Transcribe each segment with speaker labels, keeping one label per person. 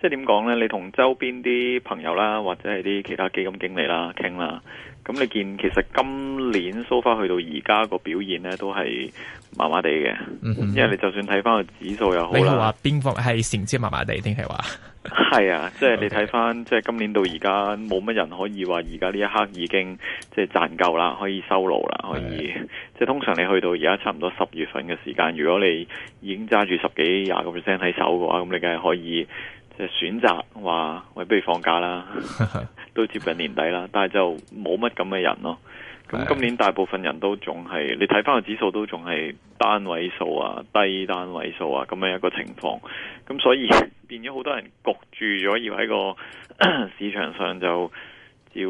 Speaker 1: 即係點講呢？你同周邊啲朋友啦，或者係啲其他基金經理啦傾啦，咁你見其實今年 so far 去到而家個表現呢，都係麻麻地嘅，mm-hmm. 因為你就算睇翻個指數又好啦，你話
Speaker 2: 邊方係成績麻麻地定係話？
Speaker 1: 係 啊，即係你睇翻，okay. 即係今年到而家冇乜人可以話而家呢一刻已經即係賺夠啦，可以收爐啦，可以、yeah. 即係通常你去到而家差唔多十月份嘅時間，如果你已經揸住十幾廿個 percent 喺手嘅話，咁你梗係可以。即係選擇話，喂不如放假啦，都接近年底啦，但係就冇乜咁嘅人咯。咁今年大部分人都仲係，你睇翻個指數都仲係單位數啊，低單位數啊咁樣一個情況。咁所以變咗好多人焗住咗要喺個市場上就要即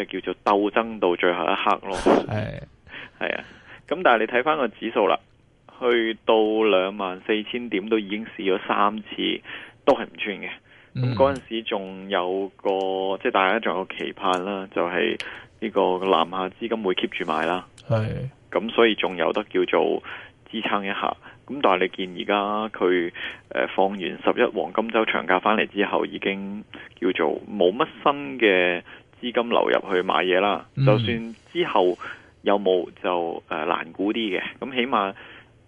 Speaker 1: 係叫做鬥爭到最後一刻咯。係係啊，咁但係你睇翻個指數啦，去到兩萬四千點都已經試咗三次。都係唔穿嘅，咁嗰陣時仲有個，嗯、即係大家仲有個期盼啦，就係、是、呢個南下資金會 keep 住買啦。係，咁、嗯、所以仲有得叫做支撐一下。咁但係你見而家佢誒放完十一黃金週長假翻嚟之後，已經叫做冇乜新嘅資金流入去買嘢啦、嗯。就算之後有冇就誒、呃、難估啲嘅，咁起碼。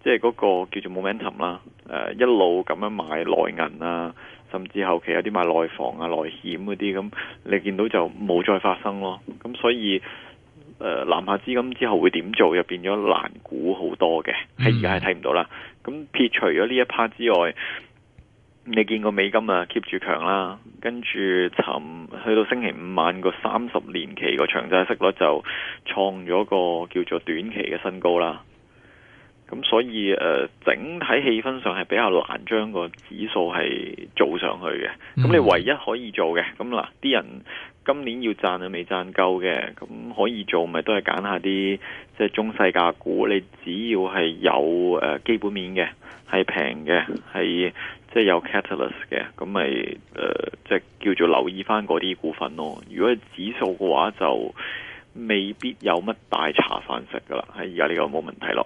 Speaker 1: 即係嗰個叫做 momentum 啦，呃、一路咁樣買內銀啊，甚至後期有啲買內房啊、內險嗰啲咁，你見到就冇再發生咯。咁所以、呃、南下資金之後會點做，又變咗難估好多嘅，係而家係睇唔到啦。咁、嗯、撇除咗呢一 part 之外，你見過美金啊 keep 住強啦，跟住尋去到星期五晚個三十年期個長債息率就創咗個叫做短期嘅新高啦。咁所以誒、呃，整體氣氛上係比較難將個指數係做上去嘅。咁、mm-hmm。你唯一可以做嘅，咁嗱，啲人今年要賺啊，未賺夠嘅，咁可以做咪都係揀下啲即係中細價股。你只要係有、呃、基本面嘅，係平嘅，係即係有 catalyst 嘅，咁咪即係叫做留意翻嗰啲股份咯。如果係指數嘅話，就未必有乜大茶飯食㗎喇。喺而家呢個冇問題咯。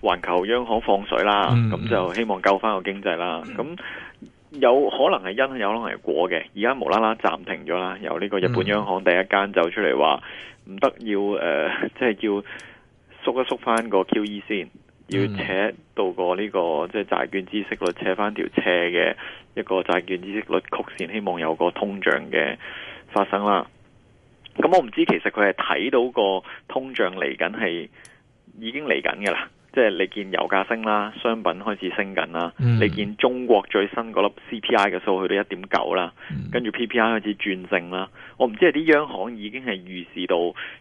Speaker 1: 環球央行放水啦，咁就希望救翻個經濟啦。咁有可能係因，有可能係果嘅。而家無啦啦暫停咗啦，由呢個日本央行第一間走出嚟話唔得要誒、呃，即係要縮一縮翻個 QE 先，要扯到、這個呢個、嗯、即係債券孳息率扯翻條斜嘅一個債券孳息率曲線，希望有個通脹嘅發生啦。咁我唔知其實佢係睇到個通脹嚟緊係已經嚟緊噶啦。即係你見油價升啦，商品開始升緊啦。Mm. 你見中國最新嗰粒 CPI 嘅數去到一點九啦，跟住 PPI 開始轉正啦。我唔知係啲央行已經係預示到，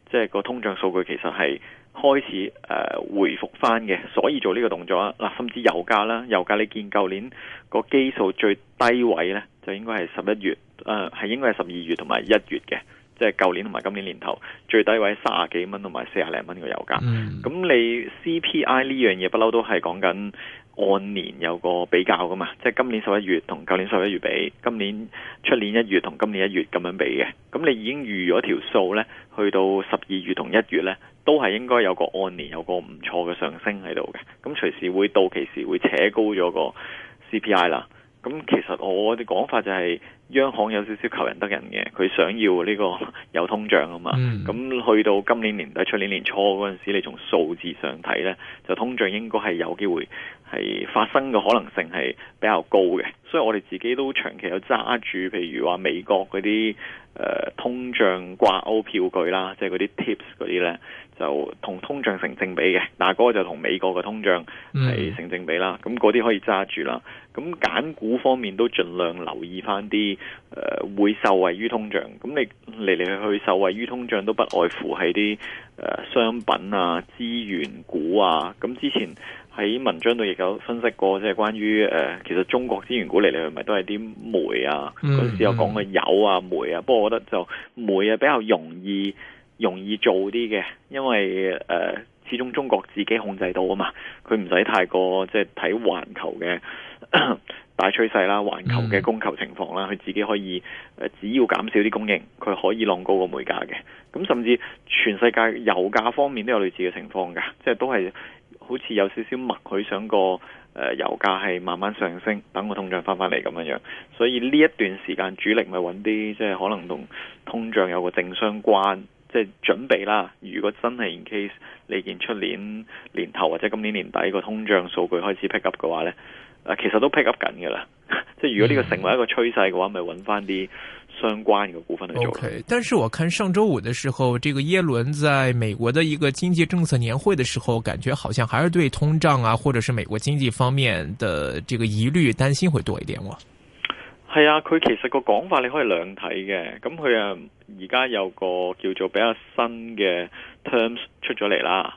Speaker 1: 即係個通脹數據其實係開始、呃、回復翻嘅，所以做呢個動作啦。嗱，甚至油價啦，油價你見舊年個基數最低位咧，就應該係十一月，誒、呃、係應該係十二月同埋一月嘅。即係舊年同埋今年年頭最低位三十幾蚊同埋四十零蚊嘅油價、mm.，咁你 CPI 呢樣嘢不嬲都係講緊按年有個比較噶嘛，即係今年十一月同舊年十一月比，今年出年一月同今年一月咁樣比嘅，咁你已經預咗條數呢，去到十二月同一月呢，都係應該有個按年有個唔錯嘅上升喺度嘅，咁隨時會到其時會扯高咗個 CPI 啦。咁其實我哋講法就係，央行有少少求人得人嘅，佢想要呢個有通脹啊嘛。咁、嗯、去到今年年底、出年年初嗰陣時，你從數字上睇呢，就通脹應該係有機會係發生嘅可能性係比較高嘅。所以我哋自己都長期有揸住，譬如話美國嗰啲誒通脹掛鈎票據啦，即係嗰啲 tips 嗰啲呢。就同通脹成正比嘅，但嗰個就同美國嘅通脹係成正比啦，咁嗰啲可以揸住啦。咁揀股方面都盡量留意返啲誒會受惠於通脹，咁你嚟嚟去去受惠於通脹都不外乎係啲誒商品啊、資源股啊。咁之前喺文章度亦有分析過，即係關於誒、呃、其實中國資源股嚟嚟去去都係啲煤啊，嗰、嗯、陣、嗯、時有講嘅油啊、煤啊。不過我覺得就煤啊比較容易。容易做啲嘅，因為誒、呃、始終中國自己控制到啊嘛，佢唔使太過即係睇環球嘅大趨勢啦，環球嘅供求情況啦，佢自己可以誒、呃、只要減少啲供應，佢可以浪高個煤價嘅。咁甚至全世界油價方面都有類似嘅情況噶，即、就、係、是、都係好似有少少默許想個誒、呃、油價係慢慢上升，等個通脹翻返嚟咁樣樣。所以呢一段時間主力咪揾啲即係可能同通脹有個正相關。即係準備啦，如果真係 in case 你見出年年頭或者今年年底個通脹數據開始 pick up 嘅話咧，誒，其實都 pick up 緊嘅啦。即係如果呢個成為一個趨勢嘅話，咪揾翻啲相關嘅股份去做。Okay，
Speaker 2: 但是我看上周五嘅時候，這個耶倫在美國嘅一個經濟政策年會嘅時候，感覺好像還是對通脹啊，或者是美國經濟方面的這個疑慮擔心會多一點喎、啊。
Speaker 1: 係啊，佢其實個講法你可以兩睇嘅。咁佢啊，而家有個叫做比較新嘅 terms 出咗嚟啦。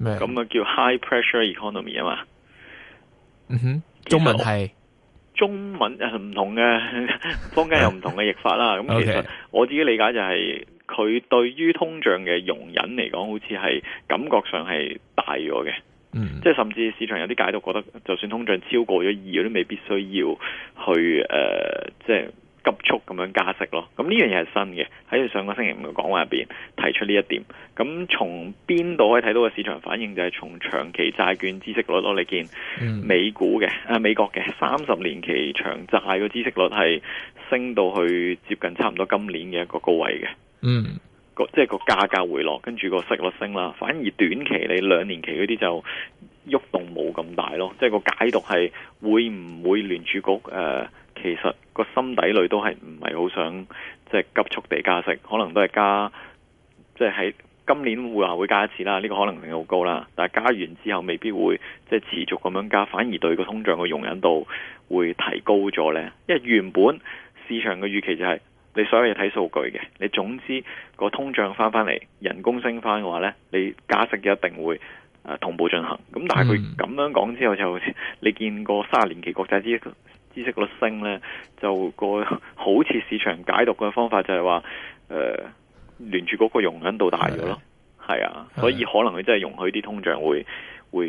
Speaker 2: 咁
Speaker 1: 啊叫 high pressure economy 啊嘛。嗯哼，中文係中文誒唔同嘅，坊間有唔同嘅譯法啦。咁 其實我自己理解就係、是、佢對於通脹嘅容忍嚟講，好似係感覺上係大咗嘅。嗯、即係甚至市場有啲解讀覺得，就算通脹超過咗二，我都未必需要去誒、呃，即係急速咁樣加息咯。咁呢樣嘢係新嘅，喺上個星期五嘅講話入邊提出呢一點。咁從邊度可以睇到個市場反應？就係從長期債券孳息率攞嚟見，美股嘅啊、呃、美國嘅三十年期長債個孳息率係升到去接近差唔多今年嘅一個高位嘅。嗯。即係個價格回落，跟住個息率升啦。反而短期你兩年期嗰啲就喐動冇咁大咯。即係個解讀係會唔會聯儲局誒、呃，其實個心底裡都係唔係好想即係、即係、急速地加息，可能都係加，即係喺今年會話會加一次啦。呢、呢個可能性好高啦。但係加完之後未必會即係、即係、持續咁樣加，反而對個通脹嘅容忍度會提高咗呢。因為原本市場嘅預期就係、係。你所有嘢睇數據嘅，你總之、那個通脹翻翻嚟，人工升翻嘅話咧，你加息一定會誒、呃、同步進行。咁但係佢咁樣講之後就，就、嗯、你見個卅年期國債孳息率升咧，就個好似市場解讀嘅方法就係話誒聯儲嗰個容忍度大咗咯，係啊，所以可能佢真係容許啲通脹會會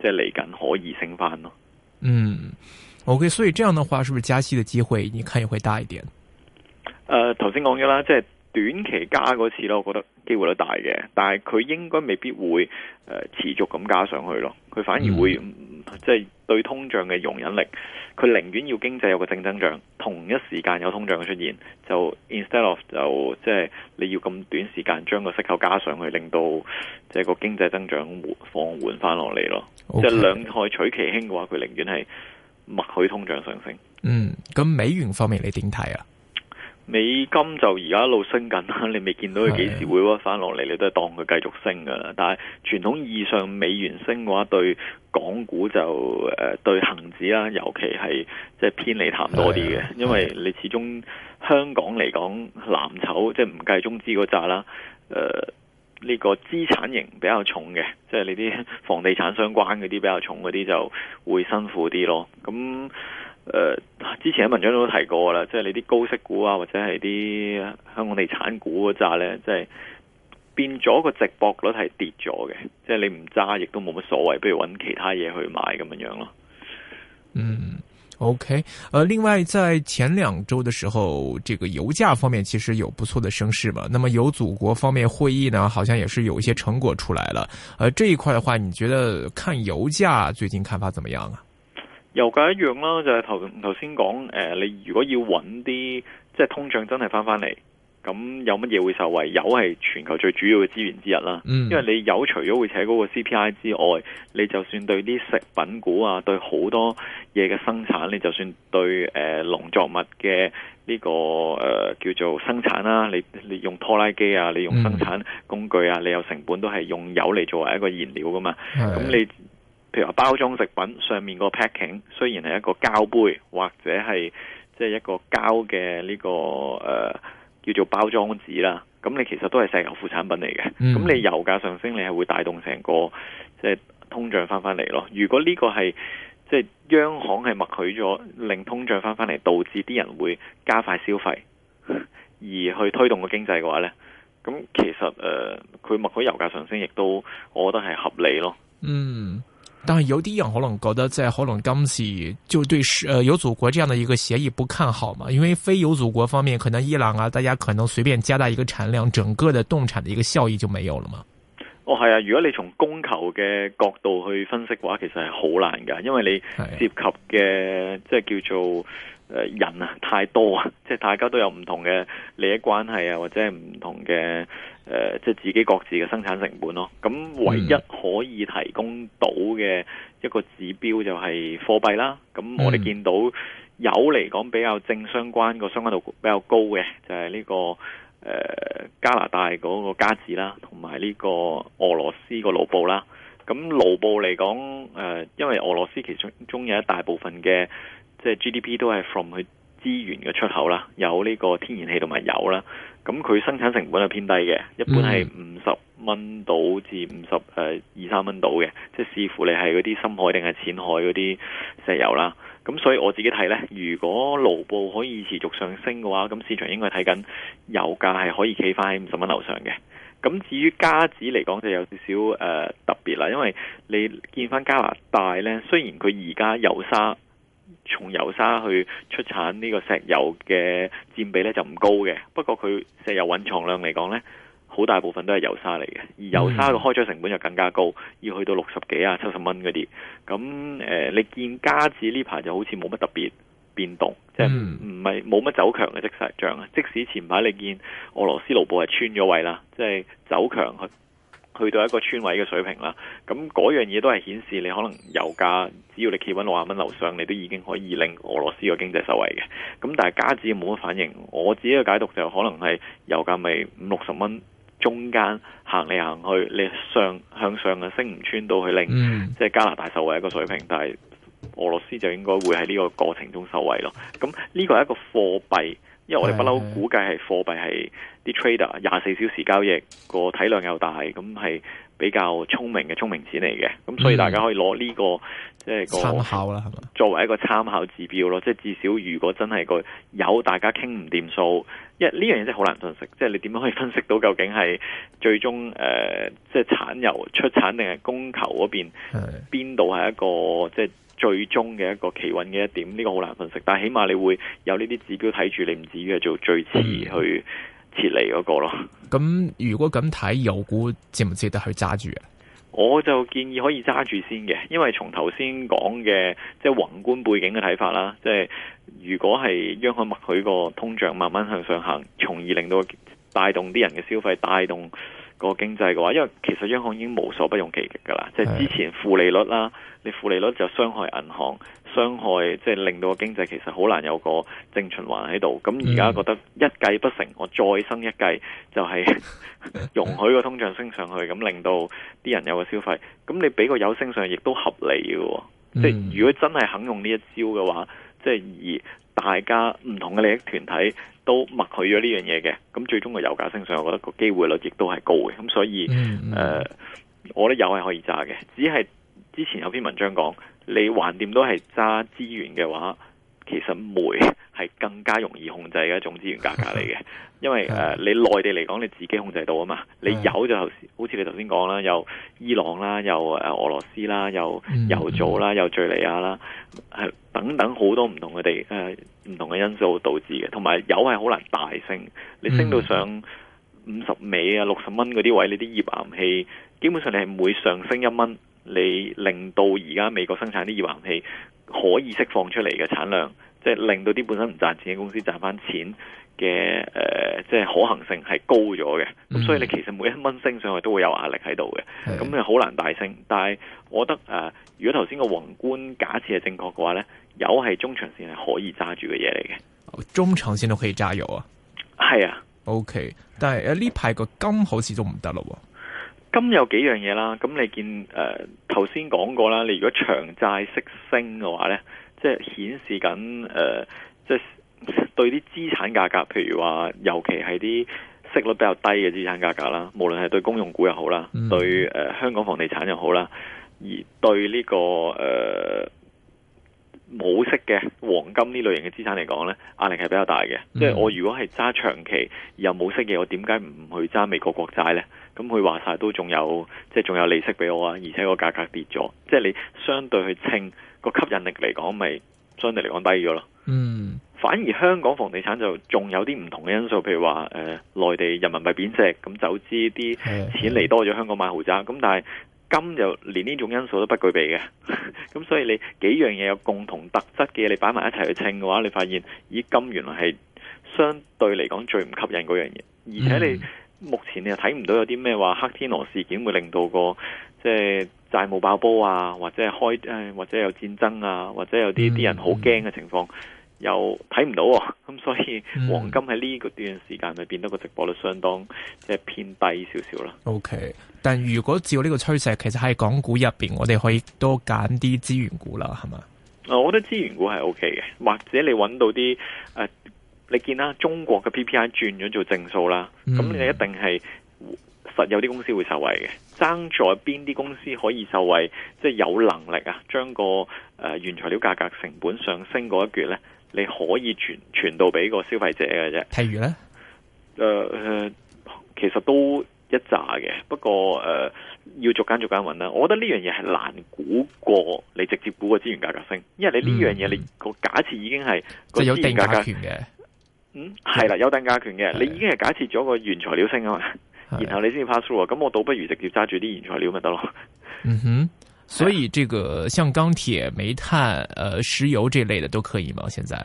Speaker 1: 即係嚟緊可以升翻咯。
Speaker 2: 嗯，OK，所以這樣的話，是不是加息的機會，你看也會大一點？
Speaker 1: 誒、呃，頭先講咗啦，即係短期加嗰次咯，我覺得機會都大嘅。但係佢應該未必會誒持續咁加上去咯，佢反而會、嗯、即係對通脹嘅容忍力，佢寧願要經濟有個正增長，同一時間有通脹嘅出現，就 instead of 就即係你要咁短時間將個息口加上去，令到即係個經濟增長放緩翻落嚟咯。即係兩害取其輕嘅話，佢寧願係默許通脹上升。
Speaker 2: 嗯，咁美元方面你點睇啊？
Speaker 1: 美金就而家一路升緊啦，你未見到佢幾時會屈翻落嚟，你都係當佢繼續升噶啦。但係傳統意義上美元升嘅話，對港股就誒、呃、對恆指啦，尤其係即係偏離淡多啲嘅，因為你始終香港嚟講，藍籌即係唔計中資嗰扎啦，誒、呃、呢、這個資產型比較重嘅，即、就、係、是、你啲房地產相關嗰啲比較重嗰啲就會辛苦啲咯。咁、嗯。誒、呃，之前喺文章都提過啦，即、就、係、是、你啲高息股啊，或者係啲香港地產股嗰扎咧，即、就、係、是、變咗個值博率係跌咗嘅，即、就、係、是、你唔揸亦都冇乜所謂，不如揾其他嘢去買咁樣樣咯。嗯
Speaker 2: ，OK。誒、呃，另外在前兩周的時候，這個油價方面其實有不錯的升勢嘛。那麼有祖國方面會議呢，好像也是有一些成果出來了。誒、呃，這一塊的話，你覺得看油價最近看法怎麼樣啊？
Speaker 1: 油價一樣啦，就係頭頭先講，誒、呃，你如果要揾啲，即係通脹真係返返嚟，咁有乜嘢會受惠？油係全球最主要嘅資源之一啦，因為你油除咗會扯嗰個 CPI 之外，你就算對啲食品股啊，對好多嘢嘅生產，你就算對誒、呃、農作物嘅呢、這個誒、呃、叫做生產啦、啊，你你用拖拉機啊，你用生產工具啊，你有成本都係用油嚟作為一個燃料㗎嘛，咁你。譬如話，包裝食品上面個 packing 雖然係一個膠杯，或者係即係一個膠嘅呢、這個誒、呃、叫做包裝紙啦。咁你其實都係石油副產品嚟嘅。咁你油價上升，你係會帶動成個即係、就是、通脹翻翻嚟咯。如果呢個係即係央行係默許咗令通脹翻翻嚟，導致啲人會加快消費而去推動個經濟嘅話呢，咁其實誒佢、呃、默許油價上升也，亦都我覺得係合理咯。嗯。
Speaker 2: 但有啲人可能覺得在可能今次，就對是，呃，有祖國這樣的一個協議不看好嘛？因為非有祖國方面，可能伊朗啊，大家可能隨便加大一個產量，整個的動產的一個效益就沒有了嘛？
Speaker 1: 哦，係啊，如果你從供求嘅角度去分析嘅話，其實係好難噶，因為你涉及嘅即係叫做。人啊，太多啊，即係大家都有唔同嘅利益關係啊，或者係唔同嘅誒、呃，即係自己各自嘅生產成本咯。咁唯一可以提供到嘅一個指標就係貨幣啦。咁我哋見到有嚟講比較正相關，個相關度比較高嘅就係呢個誒加拿大嗰個加字啦，同埋呢個俄羅斯個盧布啦。咁盧布嚟講，誒、呃，因為俄羅斯其中中有一大部分嘅。即係 GDP 都係 from 佢資源嘅出口啦，有呢個天然氣同埋油啦。咁佢生產成本係偏低嘅，一般係五十蚊到至五十誒二三蚊到嘅，即係視乎你係嗰啲深海定係淺海嗰啲石油啦。咁所以我自己睇呢，如果盧布可以持續上升嘅話，咁市場應該睇緊油價係可以企翻喺五十蚊樓上嘅。咁至於加指嚟講就有少少誒特別啦，因為你見翻加拿大呢，雖然佢而家油砂。從油砂去出產呢個石油嘅佔比咧就唔高嘅，不過佢石油蘊藏量嚟講咧，好大部分都係油砂嚟嘅。而油砂嘅開採成本就更加高，要去到六十幾啊七十蚊嗰啲。咁誒、呃，你見加指呢排就好似冇乜特別變動，
Speaker 2: 嗯、即係唔
Speaker 1: 係冇乜走強嘅跡象。啊。即使前排你見俄羅斯盧布係穿咗位啦，即係走強去。去到一個村位嘅水平啦，咁嗰樣嘢都係顯示你可能油價，只要你企穩六十蚊樓上，你都已經可以令俄羅斯個經濟受惠嘅。咁但係加紙冇乜反應，我自己嘅解讀就可能係油價咪五六十蚊中間行嚟行去，你上向上嘅升唔穿到去令，mm. 即係加拿大受惠一個水平，但係俄羅斯就應該會喺呢個過程中受惠咯。咁呢個係一個貨幣。因為我哋不嬲估計係貨幣係啲 trader 廿四小時交易，個體量又大，咁係比較聰明嘅聰明錢嚟嘅，咁所以大家可以攞呢、呢個、嗯、即係、嗰個、參考啦，係嘛？作為一個參考指標咯，即係至少如果真係個有大家傾唔掂數，
Speaker 2: 因為呢樣嘢真
Speaker 1: 係好難分析，即係你點樣可以分析到究竟係最終誒、呃、即係產油出產定係供求嗰邊邊度係一個即係。最終嘅一個企穩嘅一點，呢、這個好難分析，但係起碼你會有呢啲指標睇住，你唔至於係做最遲去撤離嗰、那個咯。
Speaker 2: 咁、嗯、如果咁睇，有股值唔值得去揸住啊？
Speaker 1: 我就建議可以揸住先嘅，因為從頭先講嘅即係宏觀背景嘅睇法啦，即、就、係、是、如果係央行默許個通脹慢慢向上行，從而令到帶動啲人嘅消費，帶動。個經濟嘅話，因為其實央行已經無所不用其極噶啦，即係之前負利率啦，你負利率就傷害銀行，傷害即係令到個經濟其實好難有個正循環喺度。咁而家覺得一計不成，我再生一計，就係容許個通脹升上去，咁令到啲人有個消費。咁你俾個有升上去，亦都合理嘅。即係如果真係肯用呢一招嘅話，即係而。大家唔同嘅利益團體都默許咗呢樣嘢嘅，咁最終個油價升上我、mm-hmm. 呃，我覺得個機會率亦都係高嘅。咁所以，誒，我覺得油係可以揸嘅，只係之前有篇文章講，你橫掂都係揸資源嘅話，其實煤。係更加容易控制嘅一種資源價格嚟嘅，因為誒、 呃、你內地嚟講你自己控制到啊嘛， 你油就好似你頭先講啦，有伊朗啦，有俄羅斯啦，有油組啦，有敍利亞啦，等等好多唔同嘅地誒唔、呃、同嘅因素導致嘅，同埋油係好難大升，你升到上五十美啊六十蚊嗰啲位，你啲頁岩氣基本上你係唔會上升一蚊，你令到而家美國生產啲頁岩氣可以釋放出嚟嘅產量。即係令到啲本身唔賺錢嘅公司賺翻錢嘅誒、呃，即係可行性係高咗嘅。咁、嗯、所以你其實每一蚊升上去都會有壓力喺度嘅，咁你好難大升。但係我覺得誒、呃，如果頭先個宏觀假設係正確嘅話咧，有係中長線係可以揸住嘅嘢嚟嘅。
Speaker 2: 中長線都可以揸住啊？係啊，OK。但係誒呢排個金好似都唔得咯喎。
Speaker 1: 金有幾樣嘢啦，咁你見誒頭先講過啦，你如果長債息升嘅話咧。即係顯示緊，誒，即係對啲資產價格，譬如話，尤其係啲息率比較低嘅資產價格啦，無論係對公用股又好啦，mm. 對誒香港房地產又好啦，而對呢個誒。冇息嘅黃金呢類型嘅資產嚟講呢，壓力係比較大嘅，嗯。即係我如果係揸長期又冇息嘅，我點解唔去揸美國國債呢？咁、嗯、佢話晒都仲有，即係仲有利息俾我啊！而且個價格跌咗，即係你相對去稱，個吸引力嚟講，就是，咪相對嚟講低咗咯。嗯，反而香港房地產就仲有啲唔同嘅因素，譬如話誒，內、呃、地人民幣貶值，咁走資啲錢嚟多咗香港買豪宅。咁、嗯、但係。金又連呢種因素都不具備嘅，咁 所以你幾樣嘢有共同特質嘅，你擺埋一齊去稱嘅話，你發現以金原來係相對嚟講最唔吸引嗰樣嘢，而且你目前你又睇唔到，有啲咩話黑天鵝事件會令到個即係債務爆煲啊，或者開、哎、或者有戰爭啊，或者有啲啲、mm-hmm. 人好驚嘅情況。又睇唔到，咁所以黃金喺呢個段時間咪變得個直播率相當即係偏低少少啦。
Speaker 2: OK，但如果照呢個趨勢，其實喺港股入邊，我哋可以多揀啲資源股啦，係嘛？
Speaker 1: 我覺得資源股係 O K 嘅，或者你揾到啲誒、呃，你見啦，中國嘅 P P I 轉咗做正數啦，咁、嗯、你一定係實有啲公司會受惠嘅。爭在邊啲公司可以受惠，即係有能力啊，將個誒原材料價格成本上升嗰一橛呢。你可以傳，傳到俾個消費者嘅啫，譬如咧、呃，其實都一揸嘅，不過、呃、要逐間逐間揾啦。我覺得呢樣嘢係難估過你直接估個資源價格升，因為你呢樣嘢你個假設已經係有定價權嘅，嗯，係啦，有定價權嘅，你已經係假設咗個原材料升啊嘛，然後你先至 pass through 喎，咁我倒不如直接揸住啲原材料咪得咯，嗯哼。
Speaker 2: 所以，這個像鋼鐵、煤炭、誒石油這類的都可以嗎？現在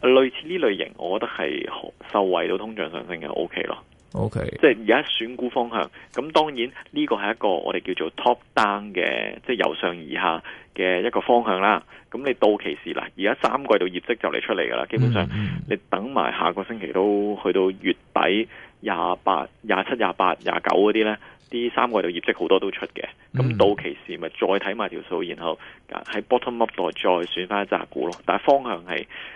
Speaker 1: 類似呢類型，我覺得係受惠到通脹上升嘅，OK 咯。OK，即係而家選股方向。咁當然呢個係一個我哋叫做 top down 嘅，即係由上而下嘅一個方向啦。咁你到期時啦，而家三季度業績就嚟出嚟噶啦。基本上你等埋下個星期都去到月底廿八、廿七、廿八、廿九嗰啲呢。呢三個季度業績好多都出嘅，咁到期時咪再睇埋條數，然後喺 bottom up 度再選翻一扎股咯。但係方向係。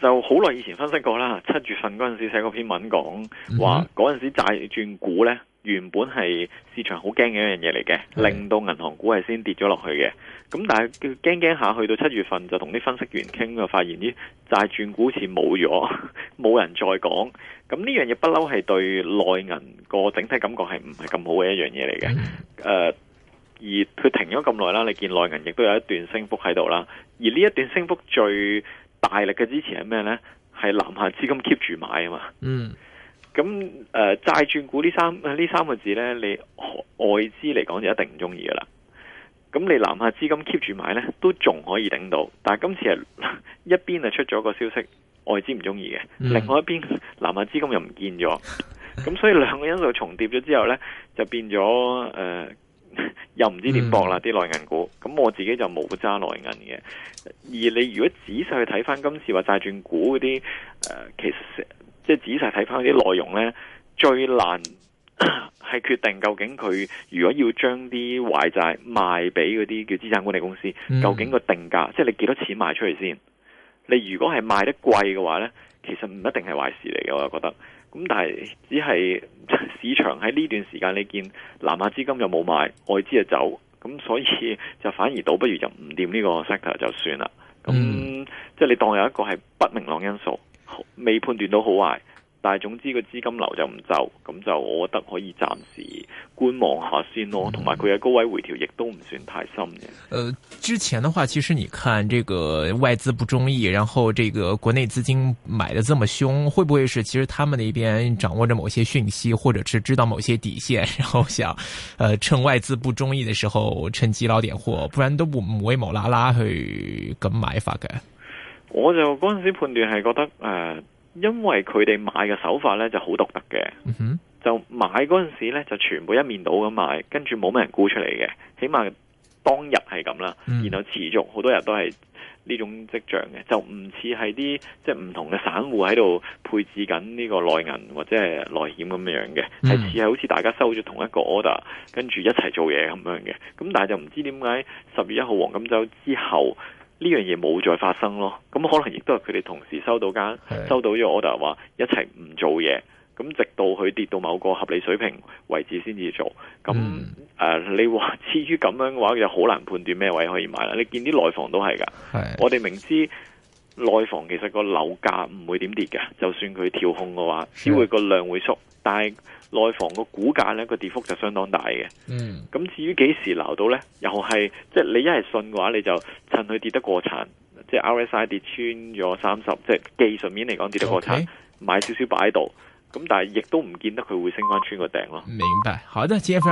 Speaker 1: 就好耐以前分析過啦，七月份嗰陣時寫個篇文講話，嗰、mm-hmm. 陣時債轉股呢原本係市場好驚嘅一樣嘢嚟嘅，mm-hmm. 令到銀行股係先跌咗落去嘅。咁但係驚驚下去到七月份，就同啲分析員傾就發現啲債轉股似冇咗，冇 人再講。咁呢樣嘢不嬲係對內銀個整體感覺係唔係咁好嘅一樣嘢嚟嘅。誒、mm-hmm.，而佢停咗咁耐啦，你見內銀亦都有一段升幅喺度啦。而呢一段升幅最大力嘅支持係咩呢？係南下資金 keep 住買啊嘛。
Speaker 2: 嗯。
Speaker 1: 咁誒、呃，債轉股呢三呢三個字呢，你外資嚟講就一定唔中意㗎喇。咁你南下資金 keep 住買呢，都仲可以頂到。但係今次係一邊係出咗個消息，外資唔中意嘅，另外一邊南下資金又唔見咗。咁所以兩個因素重疊咗之後呢，就變咗誒。呃 又唔知點搏啦啲內銀股，咁我自己就冇揸內銀嘅。而你如果仔細去睇翻今次話債轉股嗰啲，誒、呃，其實即係仔細睇翻啲內容呢，最難係 決定究竟佢如果要將啲壞債賣俾嗰啲叫資產管理公司，嗯、究竟個定價，即係你幾多錢賣出去先？你如果係賣得貴嘅話呢，其實唔一定係壞事嚟嘅，我就覺得。咁但係只係市場喺呢段時間，你見南亞資金又冇買，外資就走，咁所以就反而倒不如就唔掂呢個 sector 就算啦。咁、嗯、即係你當有一個係不明朗因素，未判斷到好壞。但係總之個資金流就唔就咁就我覺得可以暫時觀望下先咯，同埋佢嘅高位回調亦都唔算太
Speaker 2: 深嘅、嗯。誒、呃，之前嘅話，其實你看，這個外資不中意，然後這個國內資金買得這麼凶，會唔會是其實他們那邊掌握着某些訊息，或者是知道某些底線，然後想，誒、呃，趁外資不中意嘅時候趁機撈點貨，不然都唔會無啦啦去咁買法嘅。
Speaker 1: 我就嗰陣時判斷係覺得誒。呃因為佢哋買嘅手法咧就好獨特嘅，就，的、mm-hmm. 就買嗰陣時咧就全部一面倒咁買，跟住冇乜人沽出嚟嘅，起碼當日係咁啦，mm-hmm. 然後持續好多日都係呢種跡象嘅，就唔似係啲即係唔同嘅散戶喺度配置緊呢個內銀或者係內險咁樣嘅，係似係好似大家收咗同一個 order，跟住一齊做嘢咁樣嘅，咁但係就唔知點解十月一號黃金周之後。呢樣嘢冇再發生咯，咁可能亦都係佢哋同時收到間收到咗，order 話一齊唔做嘢，咁直到佢跌到某個合理水平為止，嗯呃、位置先至做。咁誒，你話至於咁樣嘅話，又好難判斷咩位可以買啦。你見啲內房都係㗎，我哋明知。內房其實個樓價唔會點跌嘅，就算佢調控嘅話，只會個量會縮。但係內房個股價呢個跌幅就相當大嘅。嗯，咁至於幾時撈到呢？又係即係你一係信嘅話，你就趁佢跌得過殘，即係 RSI 跌穿咗三十，即係技術面嚟講跌得過殘，okay? 買少少擺喺度。咁但係亦都唔見得佢會升翻穿個頂咯。
Speaker 2: 明白，好的，Jeff。